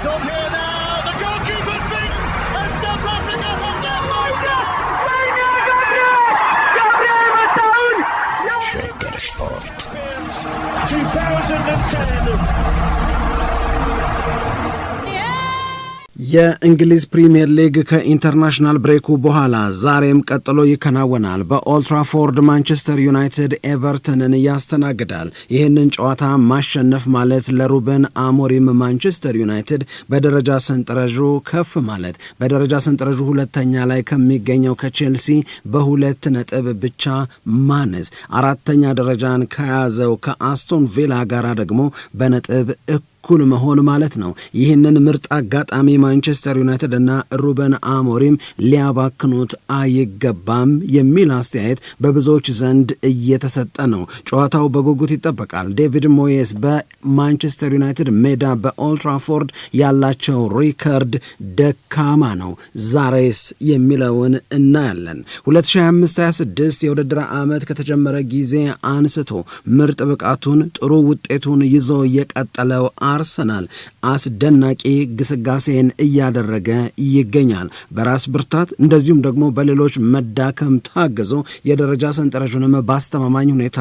It's okay. የእንግሊዝ ፕሪምየር ሊግ ከኢንተርናሽናል ብሬኩ በኋላ ዛሬም ቀጥሎ ይከናወናል። በኦልትራፎርድ ማንቸስተር ዩናይትድ ኤቨርተንን ያስተናግዳል። ይህንን ጨዋታ ማሸነፍ ማለት ለሩበን አሞሪም ማንቸስተር ዩናይትድ በደረጃ ሰንጠረዡ ከፍ ማለት በደረጃ ሰንጠረዡ ሁለተኛ ላይ ከሚገኘው ከቼልሲ በሁለት ነጥብ ብቻ ማነስ፣ አራተኛ ደረጃን ከያዘው ከአስቶን ቪላ ጋር ደግሞ በነጥብ እኩል እኩል መሆን ማለት ነው። ይህንን ምርጥ አጋጣሚ ማንቸስተር ዩናይትድ እና ሩበን አሞሪም ሊያባክኑት አይገባም የሚል አስተያየት በብዙዎች ዘንድ እየተሰጠ ነው። ጨዋታው በጉጉት ይጠበቃል። ዴቪድ ሞየስ በማንቸስተር ዩናይትድ ሜዳ በኦልትራፎርድ ያላቸው ሪከርድ ደካማ ነው። ዛሬስ የሚለውን እናያለን። 2025/26 የውድድር ዓመት ከተጀመረ ጊዜ አንስቶ ምርጥ ብቃቱን ጥሩ ውጤቱን ይዞ የቀጠለው አርሰናል አስደናቂ ግስጋሴን እያደረገ ይገኛል። በራስ ብርታት እንደዚሁም ደግሞ በሌሎች መዳከም ታግዞ የደረጃ ሰንጠረዥንም በአስተማማኝ ሁኔታ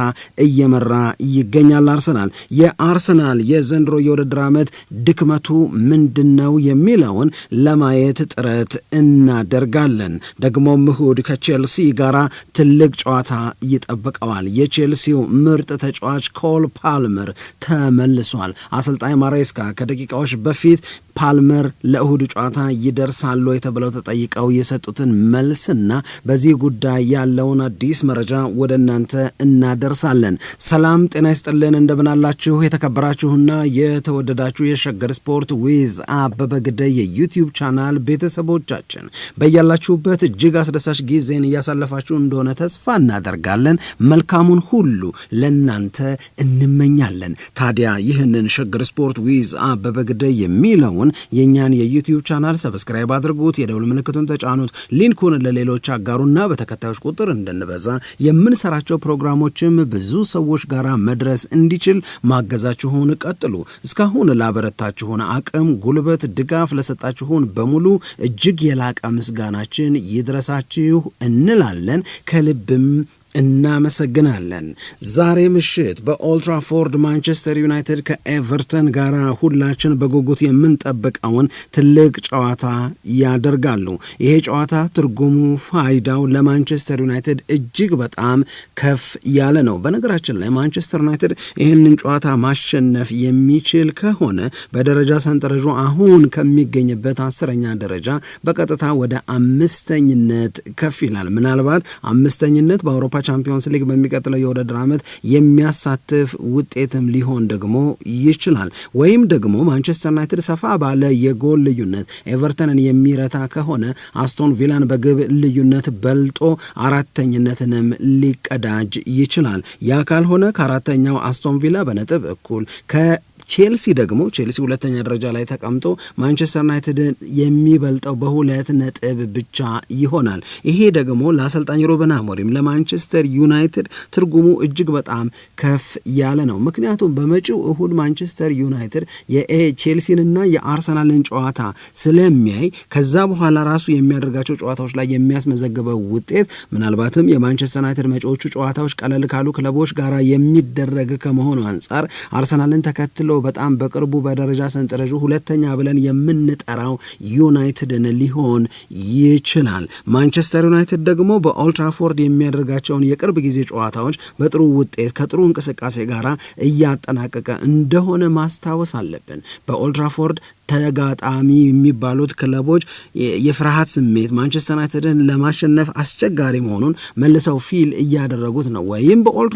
እየመራ ይገኛል። አርሰናል የአርሰናል የዘንድሮ የውድድር ዓመት ድክመቱ ምንድን ነው የሚለውን ለማየት ጥረት እናደርጋለን። ደግሞም እሁድ ከቼልሲ ጋራ ትልቅ ጨዋታ ይጠብቀዋል። የቼልሲው ምርጥ ተጫዋች ኮል ፓልመር ተመልሷል። አሰልጣኝ ማሬስካ ከደቂቃዎች በፊት ፓልመር ለእሁድ ጨዋታ ይደርሳሉ የተብለው ተጠይቀው የሰጡትን መልስና በዚህ ጉዳይ ያለውን አዲስ መረጃ ወደ እናንተ እናደርሳለን። ሰላም ጤና ይስጥልን፣ እንደምናላችሁ የተከበራችሁና የተወደዳችሁ የሸገር ስፖርት ዊዝ አበበ ግደይ የዩቲዩብ ቻናል ቤተሰቦቻችን በያላችሁበት እጅግ አስደሳች ጊዜን እያሳለፋችሁ እንደሆነ ተስፋ እናደርጋለን። መልካሙን ሁሉ ለእናንተ እንመኛለን። ታዲያ ይህንን ሸገር ስፖርት ዊዝ አበበ ግደይ የሚለውን ሲሆን የእኛን የዩትዩብ ቻናል ሰብስክራይብ አድርጉት፣ የደውል ምልክቱን ተጫኑት፣ ሊንኩን ለሌሎች አጋሩና በተከታዮች ቁጥር እንድንበዛ የምንሰራቸው ፕሮግራሞችም ብዙ ሰዎች ጋር መድረስ እንዲችል ማገዛችሁን ቀጥሉ። እስካሁን ላበረታችሁን አቅም፣ ጉልበት፣ ድጋፍ ለሰጣችሁን በሙሉ እጅግ የላቀ ምስጋናችን ይድረሳችሁ እንላለን ከልብም እናመሰግናለን። ዛሬ ምሽት በኦልትራፎርድ ማንቸስተር ዩናይትድ ከኤቨርተን ጋር ሁላችን በጉጉት የምንጠብቀውን ትልቅ ጨዋታ ያደርጋሉ። ይሄ ጨዋታ ትርጉሙ፣ ፋይዳው ለማንቸስተር ዩናይትድ እጅግ በጣም ከፍ ያለ ነው። በነገራችን ላይ ማንቸስተር ዩናይትድ ይህንን ጨዋታ ማሸነፍ የሚችል ከሆነ በደረጃ ሰንጠረዡ አሁን ከሚገኝበት አስረኛ ደረጃ በቀጥታ ወደ አምስተኝነት ከፍ ይላል። ምናልባት አምስተኝነት በአውሮፓ ቻምፒዮንስ ሊግ በሚቀጥለው የውድድር ዓመት የሚያሳትፍ ውጤትም ሊሆን ደግሞ ይችላል። ወይም ደግሞ ማንቸስተር ዩናይትድ ሰፋ ባለ የጎል ልዩነት ኤቨርተንን የሚረታ ከሆነ አስቶን ቪላን በግብ ልዩነት በልጦ አራተኝነትንም ሊቀዳጅ ይችላል። ያ ካልሆነ ከአራተኛው አስቶን ቪላ በነጥብ እኩል ከ ቼልሲ ደግሞ ቼልሲ ሁለተኛ ደረጃ ላይ ተቀምጦ ማንቸስተር ዩናይትድን የሚበልጠው በሁለት ነጥብ ብቻ ይሆናል። ይሄ ደግሞ ለአሰልጣኝ ሮበን አሞሪም ለማንቸስተር ዩናይትድ ትርጉሙ እጅግ በጣም ከፍ ያለ ነው። ምክንያቱም በመጪው እሁድ ማንቸስተር ዩናይትድ የቼልሲንና የአርሰናልን ጨዋታ ስለሚያይ ከዛ በኋላ ራሱ የሚያደርጋቸው ጨዋታዎች ላይ የሚያስመዘግበው ውጤት ምናልባትም የማንቸስተር ዩናይትድ መጪዎቹ ጨዋታዎች ቀለል ካሉ ክለቦች ጋራ የሚደረግ ከመሆኑ አንጻር አርሰናልን ተከትሎ በጣም በቅርቡ በደረጃ ሰንጠረዡ ሁለተኛ ብለን የምንጠራው ዩናይትድን ሊሆን ይችላል። ማንቸስተር ዩናይትድ ደግሞ በኦልትራፎርድ የሚያደርጋቸውን የቅርብ ጊዜ ጨዋታዎች በጥሩ ውጤት ከጥሩ እንቅስቃሴ ጋር እያጠናቀቀ እንደሆነ ማስታወስ አለብን። በኦልትራፎርድ ተጋጣሚ የሚባሉት ክለቦች የፍርሃት ስሜት ማንቸስተር ዩናይትድን ለማሸነፍ አስቸጋሪ መሆኑን መልሰው ፊል እያደረጉት ነው። ወይም በኦልድ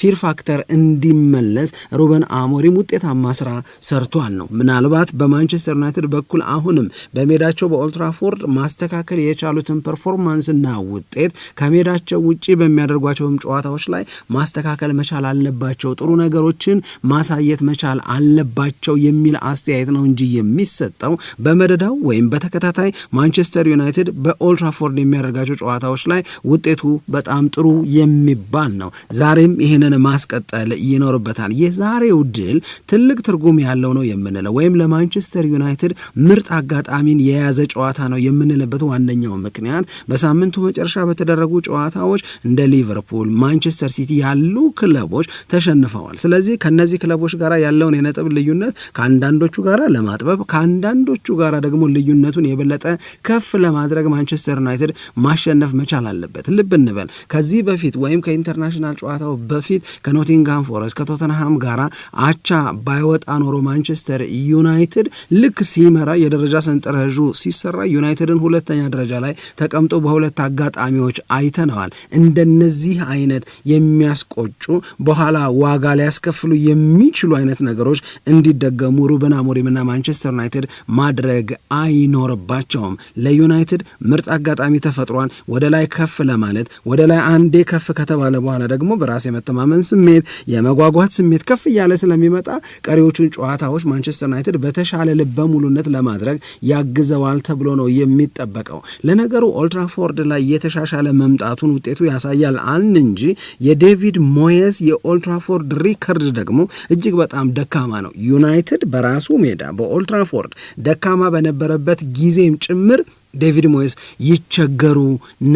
ፊር ፋክተር እንዲመለስ ሩበን አሞሪም ውጤታማ ስራ ሰርቷል ነው። ምናልባት በማንቸስተር ዩናይትድ በኩል አሁንም በሜዳቸው በኦልትራፎርድ ማስተካከል የቻሉትን ፐርፎርማንስና ውጤት ከሜዳቸው ውጭ በሚያደርጓቸውም ጨዋታዎች ላይ ማስተካከል መቻል አለባቸው፣ ጥሩ ነገሮችን ማሳየት መቻል አለባቸው የሚል አስተያየት ነው እንጂ የሚሰጠው በመደዳው ወይም በተከታታይ ማንቸስተር ዩናይትድ በኦልትራፎርድ የሚያደርጋቸው ጨዋታዎች ላይ ውጤቱ በጣም ጥሩ የሚባል ነው። ዛሬም ይህንን ማስቀጠል ይኖርበታል። የዛሬው ድል ትልቅ ትርጉም ያለው ነው የምንለው ወይም ለማንቸስተር ዩናይትድ ምርጥ አጋጣሚን የያዘ ጨዋታ ነው የምንልበት ዋነኛው ምክንያት በሳምንቱ መጨረሻ በተደረጉ ጨዋታዎች እንደ ሊቨርፑል፣ ማንቸስተር ሲቲ ያሉ ክለቦች ተሸንፈዋል። ስለዚህ ከነዚህ ክለቦች ጋር ያለውን የነጥብ ልዩነት ከአንዳንዶቹ ጋር ለማ በማጥበብ ከአንዳንዶቹ ጋር ደግሞ ልዩነቱን የበለጠ ከፍ ለማድረግ ማንቸስተር ዩናይትድ ማሸነፍ መቻል አለበት። ልብ እንበል ከዚህ በፊት ወይም ከኢንተርናሽናል ጨዋታው በፊት ከኖቲንግሃም ፎረስት ከቶተንሃም ጋራ አቻ ባይወጣ ኖሮ ማንቸስተር ዩናይትድ ልክ ሲመራ የደረጃ ሰንጠረዡ ሲሰራ ዩናይትድን ሁለተኛ ደረጃ ላይ ተቀምጦ በሁለት አጋጣሚዎች አይተነዋል። እንደነዚህ አይነት የሚያስቆጩ በኋላ ዋጋ ሊያስከፍሉ የሚችሉ አይነት ነገሮች እንዲደገሙ ሩበን አሞሪምና ማንቸስተር ማንቸስተር ዩናይትድ ማድረግ አይኖርባቸውም። ለዩናይትድ ምርጥ አጋጣሚ ተፈጥሯል። ወደ ላይ ከፍ ለማለት ወደ ላይ አንዴ ከፍ ከተባለ በኋላ ደግሞ በራስ የመተማመን ስሜት፣ የመጓጓት ስሜት ከፍ እያለ ስለሚመጣ ቀሪዎቹን ጨዋታዎች ማንቸስተር ዩናይትድ በተሻለ ልበ ሙሉነት ለማድረግ ያግዘዋል ተብሎ ነው የሚጠበቀው። ለነገሩ ኦልትራፎርድ ላይ የተሻሻለ መምጣቱን ውጤቱ ያሳያል አልን እንጂ የዴቪድ ሞየስ የኦልትራፎርድ ሪከርድ ደግሞ እጅግ በጣም ደካማ ነው። ዩናይትድ በራሱ ሜዳ በኦል ኦልትራፎርድ ደካማ በነበረበት ጊዜም ጭምር ዴቪድ ሞየስ ይቸገሩ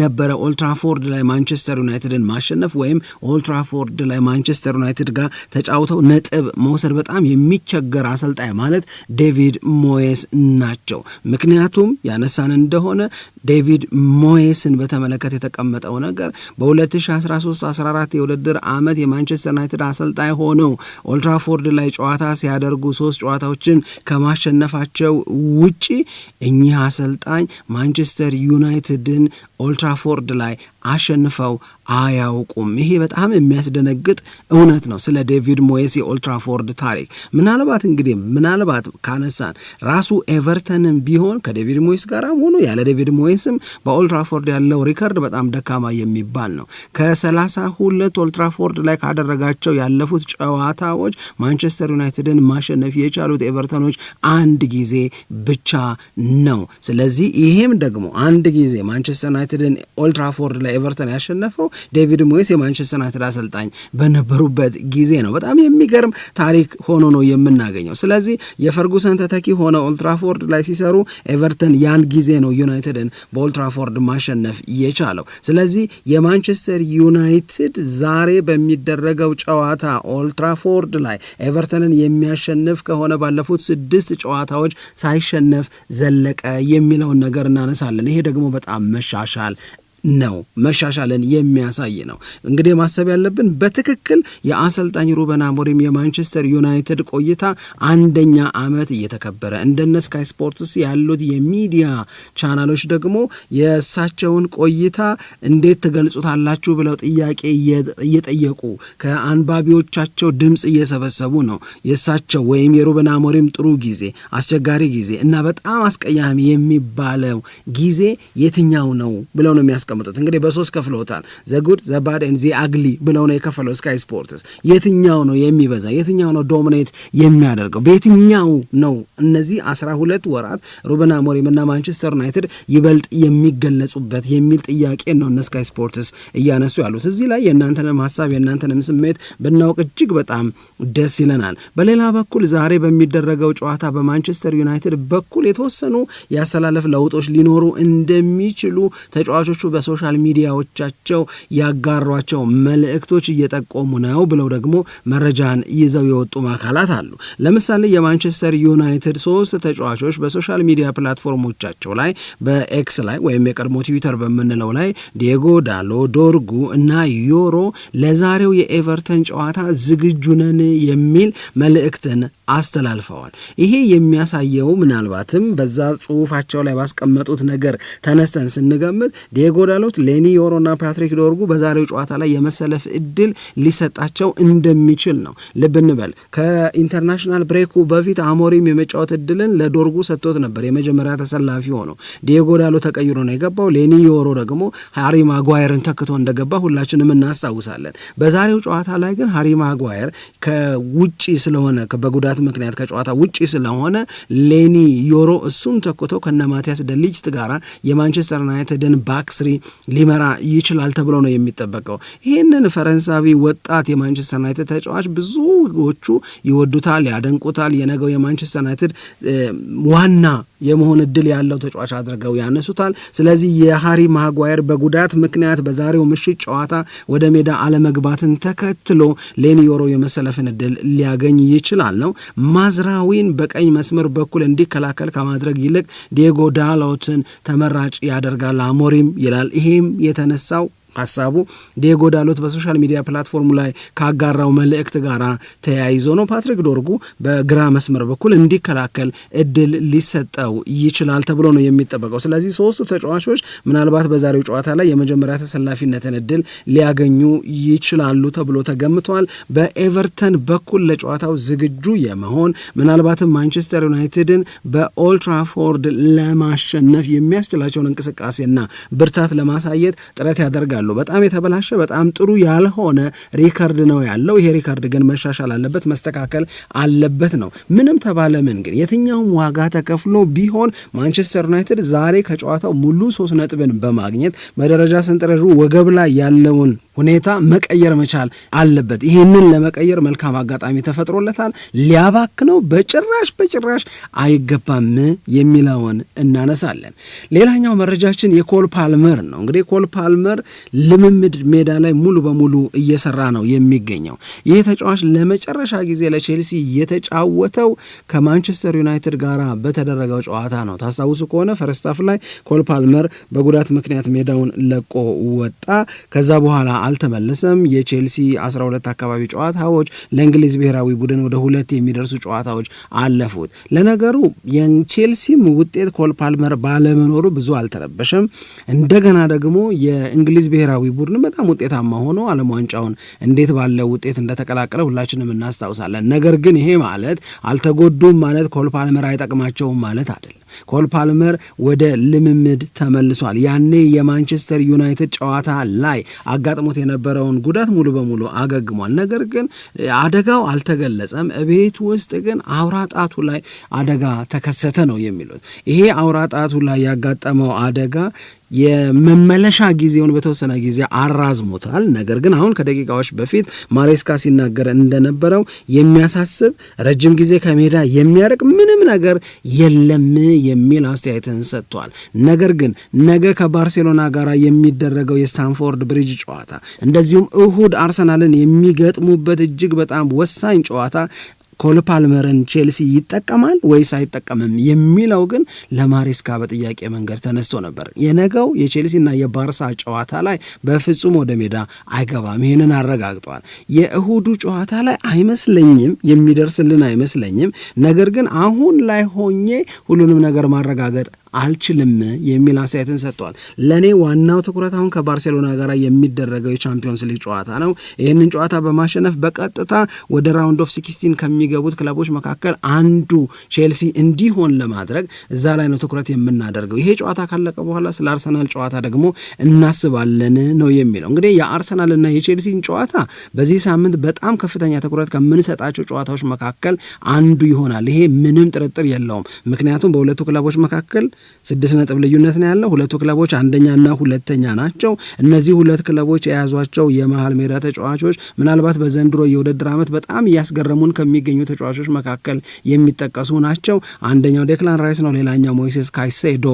ነበረ። ኦልትራፎርድ ላይ ማንቸስተር ዩናይትድን ማሸነፍ ወይም ኦልትራፎርድ ላይ ማንቸስተር ዩናይትድ ጋር ተጫውተው ነጥብ መውሰድ በጣም የሚቸገር አሰልጣኝ ማለት ዴቪድ ሞየስ ናቸው። ምክንያቱም ያነሳን እንደሆነ ዴቪድ ሞየስን በተመለከተ የተቀመጠው ነገር በ2013/14 የውድድር ዓመት የማንቸስተር ዩናይትድ አሰልጣኝ ሆነው ኦልትራፎርድ ላይ ጨዋታ ሲያደርጉ ሶስት ጨዋታዎችን ከማሸነፋቸው ውጪ እኚህ አሰልጣኝ ማንቸስተር ዩናይትድን ኦልትራፎርድ ላይ አሸንፈው አያውቁም። ይሄ በጣም የሚያስደነግጥ እውነት ነው። ስለ ዴቪድ ሞየስ የኦልትራፎርድ ታሪክ ምናልባት እንግዲህ ምናልባት ካነሳን ራሱ ኤቨርተንም ቢሆን ከዴቪድ ሞየስ ጋራም ሆኖ ያለ ዴቪድ ሞየስም በኦልትራፎርድ ያለው ሪከርድ በጣም ደካማ የሚባል ነው። ከሰላሳ ሁለት ኦልትራፎርድ ላይ ካደረጋቸው ያለፉት ጨዋታዎች ማንቸስተር ዩናይትድን ማሸነፍ የቻሉት ኤቨርተኖች አንድ ጊዜ ብቻ ነው። ስለዚህ ይሄም ደግሞ አንድ ጊዜ ማንቸስተር ዩናይትድን ኦልትራፎርድ ላይ ኤቨርተን ያሸነፈው ዴቪድ ሞይስ የማንቸስተር ዩናይትድ አሰልጣኝ በነበሩበት ጊዜ ነው። በጣም የሚገርም ታሪክ ሆኖ ነው የምናገኘው። ስለዚህ የፈርጉሰን ተተኪ ሆነ ኦልትራፎርድ ላይ ሲሰሩ ኤቨርተን ያን ጊዜ ነው ዩናይትድን በኦልትራፎርድ ማሸነፍ የቻለው። ስለዚህ የማንቸስተር ዩናይትድ ዛሬ በሚደረገው ጨዋታ ኦልትራፎርድ ላይ ኤቨርተንን የሚያሸንፍ ከሆነ ባለፉት ስድስት ጨዋታዎች ሳይሸነፍ ዘለቀ የሚለውን ነገር እናነሳለን። ይሄ ደግሞ በጣም መሻሻል ነው መሻሻልን የሚያሳይ ነው። እንግዲህ ማሰብ ያለብን በትክክል የአሰልጣኝ ሩበን አሞሪም የማንቸስተር ዩናይትድ ቆይታ አንደኛ ዓመት እየተከበረ እንደነ ስካይ ስፖርትስ ያሉት የሚዲያ ቻናሎች ደግሞ የእሳቸውን ቆይታ እንዴት ትገልጹታላችሁ ብለው ጥያቄ እየጠየቁ ከአንባቢዎቻቸው ድምፅ እየሰበሰቡ ነው። የእሳቸው ወይም የሩበን አሞሪም ጥሩ ጊዜ፣ አስቸጋሪ ጊዜ እና በጣም አስቀያሚ የሚባለው ጊዜ የትኛው ነው ብለው ነው የሚያስ ያስቀምጡት። እንግዲህ በሶስት ከፍለውታል። ዘጉድ ጉድ ዚ አግሊ ብለው ነው የከፈለው ስካይ ስፖርትስ። የትኛው ነው የሚበዛ? የትኛው ነው ዶሚኔት የሚያደርገው? በየትኛው ነው እነዚህ አስራ ሁለት ወራት ሩበን አሞሪም እና ማንቸስተር ዩናይትድ ይበልጥ የሚገለጹበት የሚል ጥያቄ ነው እነ ስካይ ስፖርትስ እያነሱ ያሉት። እዚህ ላይ የእናንተንም ሀሳብ የእናንተንም ስሜት ብናውቅ እጅግ በጣም ደስ ይለናል። በሌላ በኩል ዛሬ በሚደረገው ጨዋታ በማንቸስተር ዩናይትድ በኩል የተወሰኑ ያሰላለፍ ለውጦች ሊኖሩ እንደሚችሉ ተጫዋቾቹ በሶሻል ሚዲያዎቻቸው ያጋሯቸው መልእክቶች እየጠቆሙ ነው ብለው ደግሞ መረጃን ይዘው የወጡ አካላት አሉ። ለምሳሌ የማንቸስተር ዩናይትድ ሶስት ተጫዋቾች በሶሻል ሚዲያ ፕላትፎርሞቻቸው ላይ በኤክስ ላይ ወይም የቀድሞ ትዊተር በምንለው ላይ ዲየጎ ዳሎ፣ ዶርጉ እና ዮሮ ለዛሬው የኤቨርተን ጨዋታ ዝግጁ ነን የሚል መልእክትን አስተላልፈዋል። ይሄ የሚያሳየው ምናልባትም በዛ ጽሁፋቸው ላይ ባስቀመጡት ነገር ተነስተን ስንገምት ዲዮጎ ዳሎት፣ ሌኒ ዮሮና ፓትሪክ ዶርጉ በዛሬው ጨዋታ ላይ የመሰለፍ እድል ሊሰጣቸው እንደሚችል ነው። ልብ እንበል ከኢንተርናሽናል ብሬኩ በፊት አሞሪም የመጫወት እድልን ለዶርጉ ሰጥቶት ነበር። የመጀመሪያ ተሰላፊ ሆኖ ዴጎዳሎ ተቀይሮ ነው የገባው። ሌኒ ዮሮ ደግሞ ሃሪ ማጓየርን ተክቶ እንደገባ ሁላችንም እናስታውሳለን። በዛሬው ጨዋታ ላይ ግን ሃሪ ማጓየር ከውጭ ስለሆነ በጉዳት በጉዳት ምክንያት ከጨዋታ ውጪ ስለሆነ ሌኒ ዮሮ እሱን ተክቶ ከነ ማቲያስ ደሊጅት ጋር የማንቸስተር ዩናይትድን ባክስሪ ሊመራ ይችላል ተብሎ ነው የሚጠበቀው። ይህንን ፈረንሳዊ ወጣት የማንቸስተር ዩናይትድ ተጫዋች ብዙዎቹ ይወዱታል፣ ያደንቁታል። የነገው የማንቸስተር ዩናይትድ ዋና የመሆን እድል ያለው ተጫዋች አድርገው ያነሱታል። ስለዚህ የሃሪ ማጓየር በጉዳት ምክንያት በዛሬው ምሽት ጨዋታ ወደ ሜዳ አለመግባትን ተከትሎ ሌኒዮሮ የመሰለፍን እድል ሊያገኝ ይችላል ነው ማዝራዊን በቀኝ መስመር በኩል እንዲከላከል ከማድረግ ይልቅ ዲየጎ ዳሎትን ተመራጭ ያደርጋል አሞሪም ይላል። ይሄም የተነሳው ሀሳቡ ዲዮጎ ዳሎት በሶሻል ሚዲያ ፕላትፎርሙ ላይ ካጋራው መልእክት ጋር ተያይዞ ነው። ፓትሪክ ዶርጉ በግራ መስመር በኩል እንዲከላከል እድል ሊሰጠው ይችላል ተብሎ ነው የሚጠበቀው። ስለዚህ ሶስቱ ተጫዋቾች ምናልባት በዛሬው ጨዋታ ላይ የመጀመሪያ ተሰላፊነትን እድል ሊያገኙ ይችላሉ ተብሎ ተገምቷል። በኤቨርተን በኩል ለጨዋታው ዝግጁ የመሆን ምናልባትም ማንቸስተር ዩናይትድን በኦልትራፎርድ ለማሸነፍ የሚያስችላቸውን እንቅስቃሴና ብርታት ለማሳየት ጥረት ያደርጋሉ። ያለው በጣም የተበላሸ በጣም ጥሩ ያልሆነ ሪከርድ ነው ያለው። ይሄ ሪከርድ ግን መሻሻል አለበት፣ መስተካከል አለበት ነው። ምንም ተባለ ምን ግን የትኛውም ዋጋ ተከፍሎ ቢሆን ማንቸስተር ዩናይትድ ዛሬ ከጨዋታው ሙሉ ሶስት ነጥብን በማግኘት በደረጃ ሰንጠረዡ ወገብ ላይ ያለውን ሁኔታ መቀየር መቻል አለበት። ይህንን ለመቀየር መልካም አጋጣሚ ተፈጥሮለታል። ሊያባክነው በጭራሽ በጭራሽ አይገባም የሚለውን እናነሳለን። ሌላኛው መረጃችን የኮል ፓልመር ነው። እንግዲህ ኮል ፓልመር ልምምድ ሜዳ ላይ ሙሉ በሙሉ እየሰራ ነው የሚገኘው። ይህ ተጫዋች ለመጨረሻ ጊዜ ለቼልሲ የተጫወተው ከማንቸስተር ዩናይትድ ጋር በተደረገው ጨዋታ ነው። ታስታውሱ ከሆነ ፈረስታፍ ላይ ኮል ፓልመር በጉዳት ምክንያት ሜዳውን ለቆ ወጣ። ከዛ በኋላ አልተመለሰም። የቼልሲ 12 አካባቢ ጨዋታዎች ለእንግሊዝ ብሔራዊ ቡድን ወደ ሁለት የሚደርሱ ጨዋታዎች አለፉት። ለነገሩ የቼልሲም ውጤት ኮል ፓልመር ባለመኖሩ ብዙ አልተረበሸም። እንደገና ደግሞ የእንግሊዝ ብሔራዊ ቡድን በጣም ውጤታማ ሆኖ ዓለም ዋንጫውን እንዴት ባለ ውጤት እንደተቀላቀለ ሁላችንም እናስታውሳለን። ነገር ግን ይሄ ማለት አልተጎዱም ማለት ኮል ፓልመር አይጠቅማቸውም ማለት አይደለም። ኮል ፓልመር ወደ ልምምድ ተመልሷል። ያኔ የማንቸስተር ዩናይትድ ጨዋታ ላይ አጋጥሞት የነበረውን ጉዳት ሙሉ በሙሉ አገግሟል። ነገር ግን አደጋው አልተገለጸም። እቤት ውስጥ ግን አውራ ጣቱ ላይ አደጋ ተከሰተ ነው የሚሉት። ይሄ አውራ ጣቱ ላይ ያጋጠመው አደጋ የመመለሻ ጊዜውን በተወሰነ ጊዜ አራዝሞታል። ነገር ግን አሁን ከደቂቃዎች በፊት ማሬስካ ሲናገር እንደነበረው የሚያሳስብ ረጅም ጊዜ ከሜዳ የሚያርቅ ምንም ነገር የለም የሚል አስተያየትን ሰጥቷል። ነገር ግን ነገ ከባርሴሎና ጋር የሚደረገው የስታንፎርድ ብሪጅ ጨዋታ እንደዚሁም እሁድ አርሰናልን የሚገጥሙበት እጅግ በጣም ወሳኝ ጨዋታ ኮል ፓልመርን ቼልሲ ይጠቀማል ወይስ አይጠቀምም የሚለው ግን ለማሬስካ በጥያቄ መንገድ ተነስቶ ነበር። የነገው የቼልሲና የባርሳ ጨዋታ ላይ በፍጹም ወደ ሜዳ አይገባም፣ ይህንን አረጋግጠዋል። የእሁዱ ጨዋታ ላይ አይመስለኝም፣ የሚደርስልን አይመስለኝም። ነገር ግን አሁን ላይ ሆኜ ሁሉንም ነገር ማረጋገጥ አልችልም የሚል አስተያየትን ሰጥቷል። ለእኔ ዋናው ትኩረት አሁን ከባርሴሎና ጋር የሚደረገው የቻምፒዮንስ ሊግ ጨዋታ ነው። ይህንን ጨዋታ በማሸነፍ በቀጥታ ወደ ራውንድ ኦፍ ሲክስቲን ከሚገቡት ክለቦች መካከል አንዱ ቼልሲ እንዲሆን ለማድረግ እዛ ላይ ነው ትኩረት የምናደርገው። ይሄ ጨዋታ ካለቀ በኋላ ስለ አርሰናል ጨዋታ ደግሞ እናስባለን ነው የሚለው። እንግዲህ የአርሰናልና የቼልሲን ጨዋታ በዚህ ሳምንት በጣም ከፍተኛ ትኩረት ከምንሰጣቸው ጨዋታዎች መካከል አንዱ ይሆናል። ይሄ ምንም ጥርጥር የለውም። ምክንያቱም በሁለቱ ክለቦች መካከል ስድስት ነጥብ ልዩነት ነው ያለው። ሁለቱ ክለቦች አንደኛና ሁለተኛ ናቸው። እነዚህ ሁለት ክለቦች የያዟቸው የመሀል ሜዳ ተጫዋቾች ምናልባት በዘንድሮ የውድድር ዓመት በጣም እያስገረሙን ከሚገኙ ተጫዋቾች መካከል የሚጠቀሱ ናቸው። አንደኛው ዴክላን ራይስ ነው፣ ሌላኛው ሞይሴስ ካይሴዶ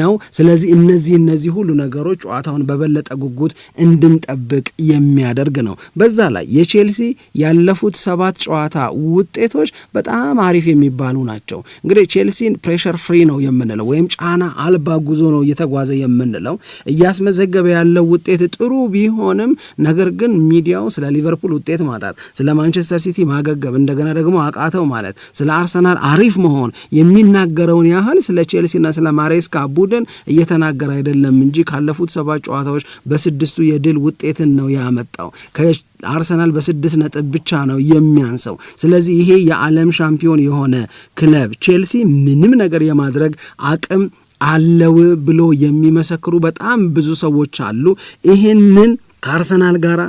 ነው። ስለዚህ እነዚህ እነዚህ ሁሉ ነገሮች ጨዋታውን በበለጠ ጉጉት እንድንጠብቅ የሚያደርግ ነው። በዛ ላይ የቼልሲ ያለፉት ሰባት ጨዋታ ውጤቶች በጣም አሪፍ የሚባሉ ናቸው። እንግዲህ ቼልሲን ፕሬሸር ፍሪ ነው የምንለው ወይም ወይም ጫና አልባ ጉዞ ነው እየተጓዘ የምንለው። እያስመዘገበ ያለው ውጤት ጥሩ ቢሆንም ነገር ግን ሚዲያው ስለ ሊቨርፑል ውጤት ማጣት፣ ስለ ማንቸስተር ሲቲ ማገገብ፣ እንደገና ደግሞ አቃተው ማለት ስለ አርሰናል አሪፍ መሆን የሚናገረውን ያህል ስለ ቼልሲና ስለ ማሬስካ ቡድን እየተናገረ አይደለም እንጂ ካለፉት ሰባት ጨዋታዎች በስድስቱ የድል ውጤትን ነው ያመጣው። አርሰናል በስድስት ነጥብ ብቻ ነው የሚያንሰው። ስለዚህ ይሄ የዓለም ሻምፒዮን የሆነ ክለብ ቼልሲ ምንም ነገር የማድረግ አቅም አለው ብሎ የሚመሰክሩ በጣም ብዙ ሰዎች አሉ። ይሄንን ከአርሰናል ጋር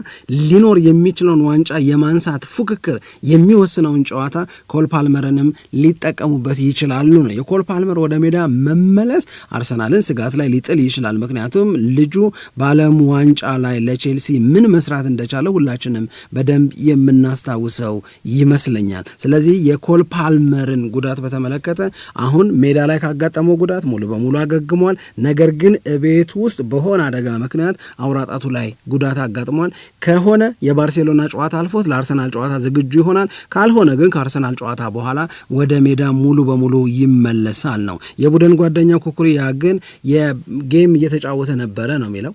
ሊኖር የሚችለውን ዋንጫ የማንሳት ፉክክር የሚወስነውን ጨዋታ ኮል ፓልመርንም ሊጠቀሙበት ይችላሉ ነው። የኮል ፓልመር ወደ ሜዳ መመለስ አርሰናልን ስጋት ላይ ሊጥል ይችላል። ምክንያቱም ልጁ በዓለም ዋንጫ ላይ ለቼልሲ ምን መስራት እንደቻለ ሁላችንም በደንብ የምናስታውሰው ይመስለኛል። ስለዚህ የኮል ፓልመርን ጉዳት በተመለከተ አሁን ሜዳ ላይ ካጋጠመው ጉዳት ሙሉ በሙሉ አገግሟል። ነገር ግን እቤት ውስጥ በሆነ አደጋ ምክንያት አውራጣቱ ላይ ጉዳት ጉዳት አጋጥሟል ከሆነ የባርሴሎና ጨዋታ አልፎት ለአርሰናል ጨዋታ ዝግጁ ይሆናል። ካልሆነ ግን ከአርሰናል ጨዋታ በኋላ ወደ ሜዳ ሙሉ በሙሉ ይመለሳል ነው። የቡድን ጓደኛው ኩኩሪያ ግን የጌም እየተጫወተ ነበረ ነው የሚለው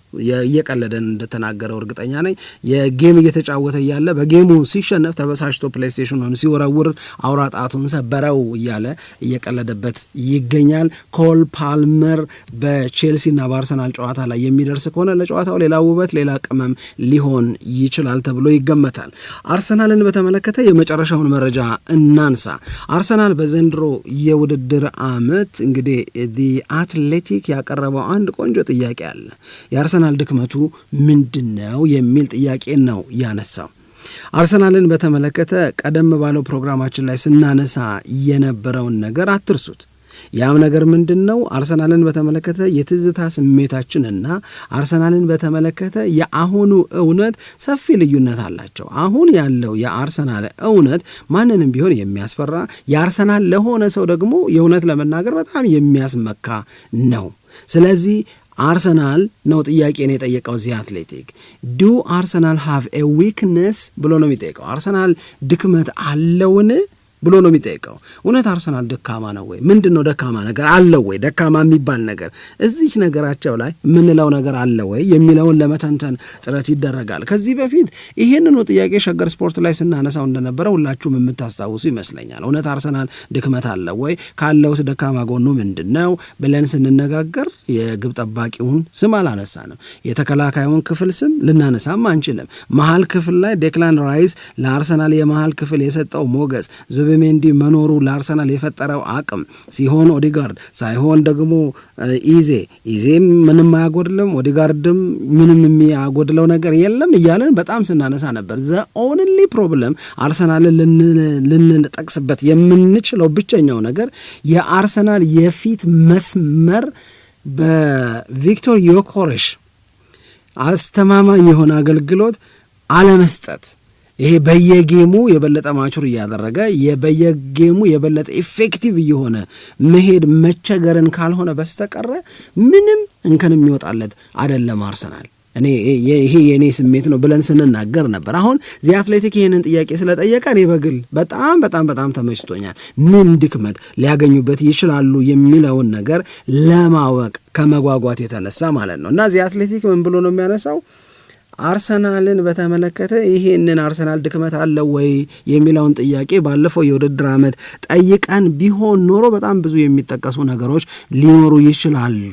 እየቀለደን እንደተናገረው እርግጠኛ ነኝ። የጌም እየተጫወተ እያለ በጌሙ ሲሸነፍ ተበሳሽቶ ፕሌይስቴሽኑን ሲወረውር አውራ ጣቱን ሰበረው እያለ እየቀለደበት ይገኛል። ኮል ፓልመር በቼልሲና በአርሰናል ጨዋታ ላይ የሚደርስ ከሆነ ለጨዋታው ሌላ ውበት ሌላ ቅም ህመም ሊሆን ይችላል ተብሎ ይገመታል። አርሰናልን በተመለከተ የመጨረሻውን መረጃ እናንሳ። አርሰናል በዘንድሮ የውድድር አመት እንግዲህ ዲ አትሌቲክ ያቀረበው አንድ ቆንጆ ጥያቄ አለ። የአርሰናል ድክመቱ ምንድን ነው የሚል ጥያቄ ነው ያነሳው። አርሰናልን በተመለከተ ቀደም ባለው ፕሮግራማችን ላይ ስናነሳ የነበረውን ነገር አትርሱት። ያም ነገር ምንድን ነው? አርሰናልን በተመለከተ የትዝታ ስሜታችንና አርሰናልን በተመለከተ የአሁኑ እውነት ሰፊ ልዩነት አላቸው። አሁን ያለው የአርሰናል እውነት ማንንም ቢሆን የሚያስፈራ የአርሰናል ለሆነ ሰው ደግሞ የእውነት ለመናገር በጣም የሚያስመካ ነው። ስለዚህ አርሰናል ነው ጥያቄን የጠየቀው እዚህ አትሌቲክ ዱ አርሰናል ሃቭ ኤ ዊክነስ ብሎ ነው የሚጠይቀው። አርሰናል ድክመት አለውን ብሎ ነው የሚጠይቀው። እውነት አርሰናል ደካማ ነው ወይ? ምንድን ነው ደካማ ነገር አለው ወይ? ደካማ የሚባል ነገር እዚች ነገራቸው ላይ የምንለው ነገር አለ ወይ የሚለውን ለመተንተን ጥረት ይደረጋል። ከዚህ በፊት ይህንኑ ጥያቄ ሸገር ስፖርት ላይ ስናነሳው እንደነበረ ሁላችሁም የምታስታውሱ ይመስለኛል። እውነት አርሰናል ድክመት አለው ወይ? ካለውስ ደካማ ጎኑ ምንድን ነው ብለን ስንነጋገር የግብ ጠባቂውን ስም አላነሳንም። የተከላካዩን ክፍል ስም ልናነሳም አንችልም። መሀል ክፍል ላይ ዴክላን ራይስ ለአርሰናል የመሀል ክፍል የሰጠው ሞገስ ዙቢሜንዲ መኖሩ ለአርሰናል የፈጠረው አቅም ሲሆን ኦዲጋርድ ሳይሆን ደግሞ ኢዜ ኢዜም ምንም አያጎድልም፣ ኦዲጋርድም ምንም የሚያጎድለው ነገር የለም እያለን በጣም ስናነሳ ነበር። ዘ ኦንሊ ፕሮብለም አርሰናልን ልንጠቅስበት የምንችለው ብቸኛው ነገር የአርሰናል የፊት መስመር በቪክቶር ዮኮሬሽ አስተማማኝ የሆነ አገልግሎት አለመስጠት ይሄ በየጌሙ የበለጠ ማቹር እያደረገ በየጌሙ የበለጠ ኢፌክቲቭ እየሆነ መሄድ መቸገርን ካልሆነ በስተቀረ ምንም እንከን የሚወጣለት አይደለም አርሰናል። እኔ ይሄ የእኔ ስሜት ነው ብለን ስንናገር ነበር። አሁን ዚ አትሌቲክ ይህንን ጥያቄ ስለጠየቀ እኔ በግል በጣም በጣም በጣም ተመችቶኛል። ምን ድክመት ሊያገኙበት ይችላሉ የሚለውን ነገር ለማወቅ ከመጓጓት የተነሳ ማለት ነው እና ዚ አትሌቲክ ምን ብሎ ነው የሚያነሳው አርሰናልን በተመለከተ ይሄንን አርሰናል ድክመት አለው ወይ የሚለውን ጥያቄ ባለፈው የውድድር ዓመት ጠይቀን ቢሆን ኖሮ በጣም ብዙ የሚጠቀሱ ነገሮች ሊኖሩ ይችላሉ።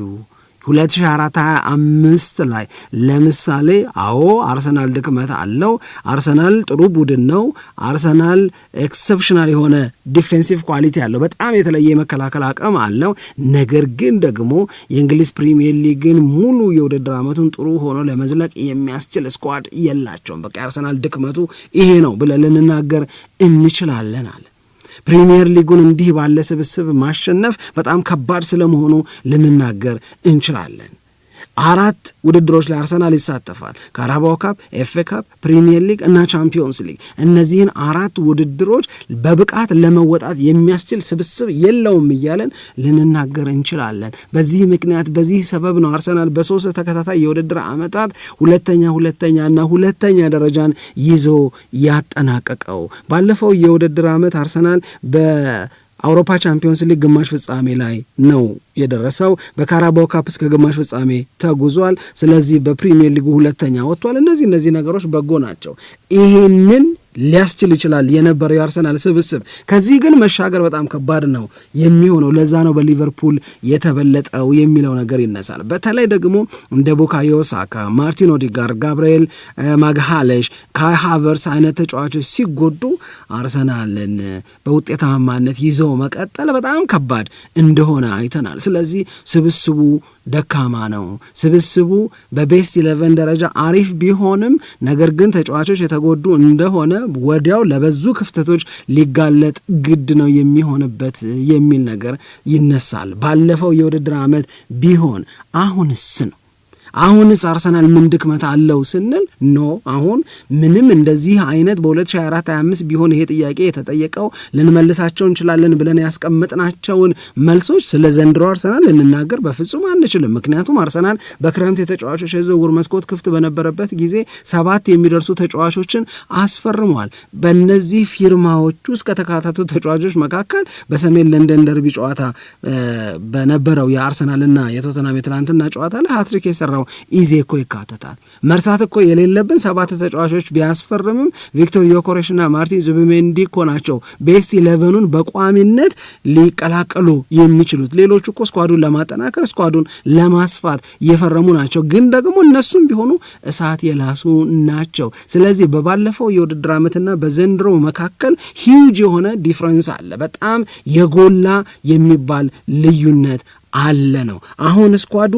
2425 ላይ ለምሳሌ አዎ አርሰናል ድክመት አለው። አርሰናል ጥሩ ቡድን ነው። አርሰናል ኤክሰፕሽናል የሆነ ዲፌንሲቭ ኳሊቲ አለው። በጣም የተለየ የመከላከል አቅም አለው። ነገር ግን ደግሞ የእንግሊዝ ፕሪሚየር ሊግን ሙሉ የውድድር ዓመቱን ጥሩ ሆኖ ለመዝለቅ የሚያስችል ስኳድ የላቸውም። በቃ የአርሰናል ድክመቱ ይሄ ነው ብለን ልንናገር እንችላለን አለ ፕሪሚየር ሊጉን እንዲህ ባለ ስብስብ ማሸነፍ በጣም ከባድ ስለመሆኑ ልንናገር እንችላለን። አራት ውድድሮች ላይ አርሰናል ይሳተፋል። ካራባው ካፕ፣ ኤፍ ኤ ካፕ፣ ፕሪሚየር ሊግ እና ቻምፒዮንስ ሊግ። እነዚህን አራት ውድድሮች በብቃት ለመወጣት የሚያስችል ስብስብ የለውም እያለን ልንናገር እንችላለን። በዚህ ምክንያት በዚህ ሰበብ ነው አርሰናል በሶስት ተከታታይ የውድድር ዓመታት ሁለተኛ ሁለተኛ እና ሁለተኛ ደረጃን ይዞ ያጠናቀቀው። ባለፈው የውድድር ዓመት አርሰናል በ አውሮፓ ቻምፒዮንስ ሊግ ግማሽ ፍጻሜ ላይ ነው የደረሰው። በካራባው ካፕ እስከ ግማሽ ፍጻሜ ተጉዟል። ስለዚህ በፕሪሚየር ሊጉ ሁለተኛ ወጥቷል። እነዚህ እነዚህ ነገሮች በጎ ናቸው። ይህንን ሊያስችል ይችላል የነበረው የአርሰናል ስብስብ። ከዚህ ግን መሻገር በጣም ከባድ ነው የሚሆነው። ለዛ ነው በሊቨርፑል የተበለጠው የሚለው ነገር ይነሳል። በተለይ ደግሞ እንደ ቡካዮ ሳካ፣ ማርቲን ኦዲጋር፣ ጋብርኤል ማግሃለሽ፣ ካይ አይነት ተጫዋቾች ሲጎዱ አርሰናልን በውጤታማነት ይዞ መቀጠል በጣም ከባድ እንደሆነ አይተናል። ስለዚህ ስብስቡ ደካማ ነው። ስብስቡ በቤስት ኢለቨን ደረጃ አሪፍ ቢሆንም ነገር ግን ተጫዋቾች የተጎዱ እንደሆነ ወዲያው ለበዙ ክፍተቶች ሊጋለጥ ግድ ነው የሚሆንበት የሚል ነገር ይነሳል። ባለፈው የውድድር ዓመት ቢሆን አሁንስ ነው አሁንስ አርሰናል ምን ድክመት አለው ስንል ኖ አሁን ምንም እንደዚህ አይነት በ2024/25 ቢሆን ይሄ ጥያቄ የተጠየቀው ልንመልሳቸው እንችላለን ብለን ያስቀምጥናቸውን መልሶች ስለ ዘንድሮ አርሰናል ልንናገር በፍጹም አንችልም። ምክንያቱም አርሰናል በክረምት የተጫዋቾች የዝውውር መስኮት ክፍት በነበረበት ጊዜ ሰባት የሚደርሱ ተጫዋቾችን አስፈርሟል። በእነዚህ ፊርማዎች ውስጥ ከተካተቱ ተጫዋቾች መካከል በሰሜን ለንደን ደርቢ ጨዋታ በነበረው የአርሰናልና የቶተናም የትላንትና ጨዋታ ላይ ሀትሪክ የሰራው ኢዜ እኮ ይካተታል። መርሳት እኮ የሌለብን ሰባት ተጫዋቾች ቢያስፈርምም ቪክቶር ዮኮሬሽ ማርቲን ዙቢሜንዲ እኮ ናቸው ቤስት ኢለቨኑን በቋሚነት ሊቀላቀሉ የሚችሉት። ሌሎቹ እኮ ስኳዱን ለማጠናከር ስኳዱን ለማስፋት የፈረሙ ናቸው። ግን ደግሞ እነሱም ቢሆኑ እሳት የላሱ ናቸው። ስለዚህ በባለፈው የውድድር ዓመትና በዘንድሮ መካከል ሂውጅ የሆነ ዲፍረንስ አለ። በጣም የጎላ የሚባል ልዩነት አለ ነው አሁን ስኳዱ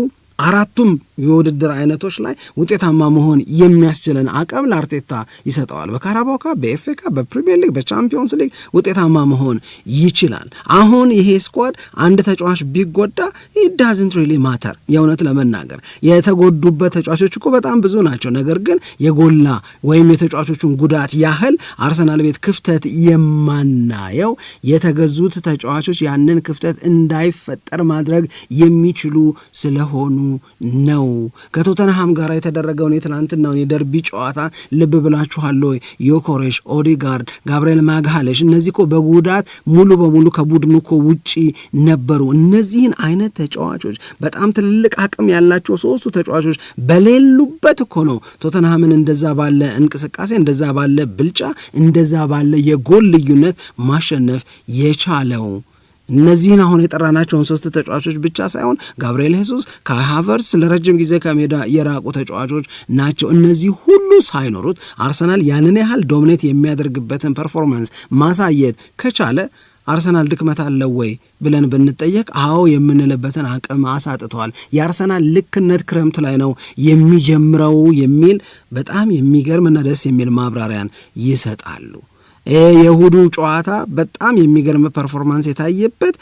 አራቱም የውድድር አይነቶች ላይ ውጤታማ መሆን የሚያስችለን አቅም ለአርቴታ ይሰጠዋል። በካራባው ካፕ፣ በኤፍ ኤ ካፕ፣ በፕሪሚየር ሊግ፣ በቻምፒዮንስ ሊግ ውጤታማ መሆን ይችላል። አሁን ይሄ ስኳድ አንድ ተጫዋች ቢጎዳ ዳዝንት ሪሊ ማተር የእውነት ለመናገር የተጎዱበት ተጫዋቾች እኮ በጣም ብዙ ናቸው። ነገር ግን የጎላ ወይም የተጫዋቾቹን ጉዳት ያህል አርሰናል ቤት ክፍተት የማናየው የተገዙት ተጫዋቾች ያንን ክፍተት እንዳይፈጠር ማድረግ የሚችሉ ስለሆኑ ነው ነው። ከቶተንሃም ጋር የተደረገውን የትናንትናውን የደርቢ ጨዋታ ልብ ብላችኋለ ዮኮሬሽ፣ ኦዲጋርድ፣ ጋብርኤል ማግሃለሽ እነዚህ እኮ በጉዳት ሙሉ በሙሉ ከቡድኑ እኮ ውጪ ነበሩ። እነዚህን አይነት ተጫዋቾች በጣም ትልልቅ አቅም ያላቸው ሶስቱ ተጫዋቾች በሌሉበት እኮ ነው ቶተንሃምን እንደዛ ባለ እንቅስቃሴ እንደዛ ባለ ብልጫ እንደዛ ባለ የጎል ልዩነት ማሸነፍ የቻለው። እነዚህን አሁን የጠራናቸውን ሶስት ተጫዋቾች ብቻ ሳይሆን ጋብርኤል ሄሱስ፣ ካይ ሃቨርትዝ ለረጅም ጊዜ ከሜዳ የራቁ ተጫዋቾች ናቸው። እነዚህ ሁሉ ሳይኖሩት አርሰናል ያንን ያህል ዶሚኔት የሚያደርግበትን ፐርፎርማንስ ማሳየት ከቻለ አርሰናል ድክመት አለው ወይ ብለን ብንጠየቅ አዎ የምንልበትን አቅም አሳጥተዋል። የአርሰናል ልክነት ክረምት ላይ ነው የሚጀምረው የሚል በጣም የሚገርምና ደስ የሚል ማብራሪያን ይሰጣሉ። የሁዱ የእሁዱ ጨዋታ በጣም የሚገርም ፐርፎርማንስ የታየበት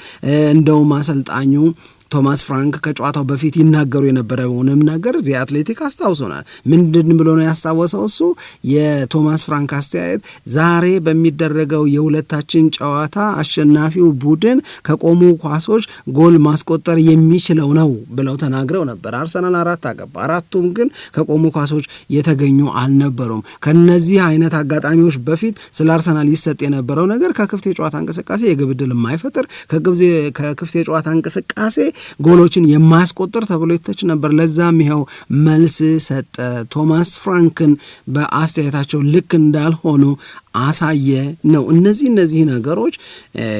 እንደውም አሰልጣኙ ቶማስ ፍራንክ ከጨዋታው በፊት ይናገሩ የነበረውንም ነገር ዚ አትሌቲክ አስታውሶናል። ምንድን ብሎ ነው ያስታወሰው? እሱ የቶማስ ፍራንክ አስተያየት ዛሬ በሚደረገው የሁለታችን ጨዋታ አሸናፊው ቡድን ከቆሙ ኳሶች ጎል ማስቆጠር የሚችለው ነው ብለው ተናግረው ነበር። አርሰናል አራት አገባ፣ አራቱም ግን ከቆሙ ኳሶች የተገኙ አልነበሩም። ከነዚህ አይነት አጋጣሚዎች በፊት ስለ አርሰናል ይሰጥ የነበረው ነገር ከክፍት የጨዋታ እንቅስቃሴ የግብ ዕድል የማይፈጥር ከክፍት የጨዋታ እንቅስቃሴ ጎሎችን የማያስቆጥር ተብሎ ይተች ነበር። ለዛም ይኸው መልስ ሰጠ። ቶማስ ፍራንክን በአስተያየታቸው ልክ እንዳልሆኑ አሳየ ነው። እነዚህ እነዚህ ነገሮች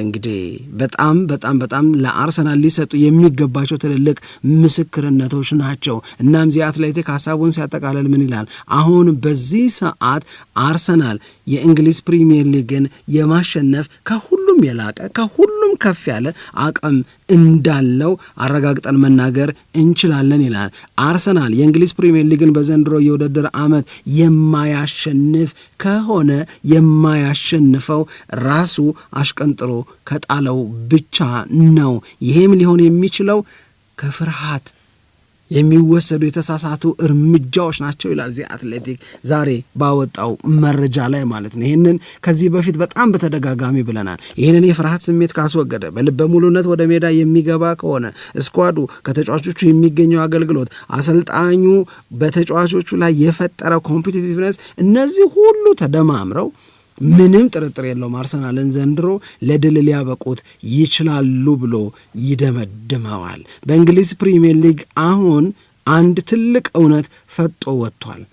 እንግዲህ በጣም በጣም በጣም ለአርሰናል ሊሰጡ የሚገባቸው ትልልቅ ምስክርነቶች ናቸው። እናም ዚ አትሌቲክ ሀሳቡን ሲያጠቃለል ምን ይላል? አሁን በዚህ ሰዓት አርሰናል የእንግሊዝ ፕሪሚየር ሊግን የማሸነፍ ከሁሉ ከሁሉም የላቀ ከሁሉም ከፍ ያለ አቅም እንዳለው አረጋግጠን መናገር እንችላለን ይላል። አርሰናል የእንግሊዝ ፕሪምየር ሊግን በዘንድሮ የውድድር ዓመት የማያሸንፍ ከሆነ የማያሸንፈው ራሱ አሽቀንጥሮ ከጣለው ብቻ ነው። ይህም ሊሆን የሚችለው ከፍርሃት የሚወሰዱ የተሳሳቱ እርምጃዎች ናቸው ይላል ዚ አትሌቲክ ዛሬ ባወጣው መረጃ ላይ ማለት ነው። ይህንን ከዚህ በፊት በጣም በተደጋጋሚ ብለናል። ይህንን የፍርሃት ስሜት ካስወገደ፣ በልበ ሙሉነት ወደ ሜዳ የሚገባ ከሆነ እስኳዱ፣ ከተጫዋቾቹ የሚገኘው አገልግሎት፣ አሰልጣኙ በተጫዋቾቹ ላይ የፈጠረ ኮምፒቲቲቭነስ፣ እነዚህ ሁሉ ተደማምረው ምንም ጥርጥር የለውም አርሰናልን ዘንድሮ ለድል ሊያበቁት ይችላሉ ብሎ ይደመድመዋል። በእንግሊዝ ፕሪምየር ሊግ አሁን አንድ ትልቅ እውነት ፈጦ ወጥቷል።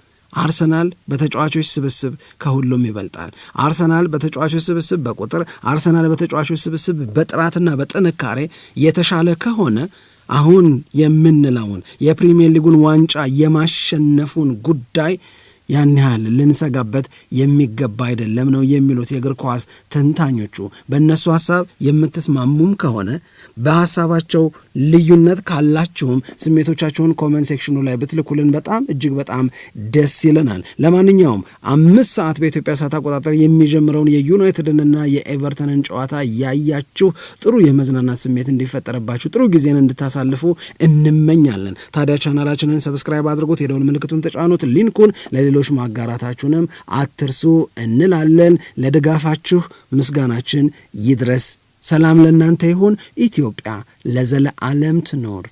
አርሰናል በተጫዋቾች ስብስብ ከሁሉም ይበልጣል። አርሰናል በተጫዋቾች ስብስብ በቁጥር፣ አርሰናል በተጫዋቾች ስብስብ በጥራትና በጥንካሬ የተሻለ ከሆነ አሁን የምንለውን የፕሪምየር ሊጉን ዋንጫ የማሸነፉን ጉዳይ ያን ያህል ልንሰጋበት የሚገባ አይደለም ነው የሚሉት የእግር ኳስ ተንታኞቹ። በእነሱ ሀሳብ የምትስማሙም ከሆነ በሀሳባቸው ልዩነት ካላችሁም ስሜቶቻችሁን ኮመንት ሴክሽኑ ላይ ብትልኩልን በጣም እጅግ በጣም ደስ ይለናል። ለማንኛውም አምስት ሰዓት በኢትዮጵያ ሰዓት አቆጣጠር የሚጀምረውን የዩናይትድንና የኤቨርተንን ጨዋታ ያያችሁ ጥሩ የመዝናናት ስሜት እንዲፈጠርባችሁ ጥሩ ጊዜን እንድታሳልፉ እንመኛለን። ታዲያ ቻናላችንን ሰብስክራይብ አድርጉት፣ የደውል ምልክቱን ተጫኑት፣ ሊንኩን ለሌሎች ማጋራታችሁንም አትርሱ እንላለን። ለድጋፋችሁ ምስጋናችን ይድረስ ሰላም ለእናንተ ይሁን። ኢትዮጵያ ለዘለዓለም ትኖር።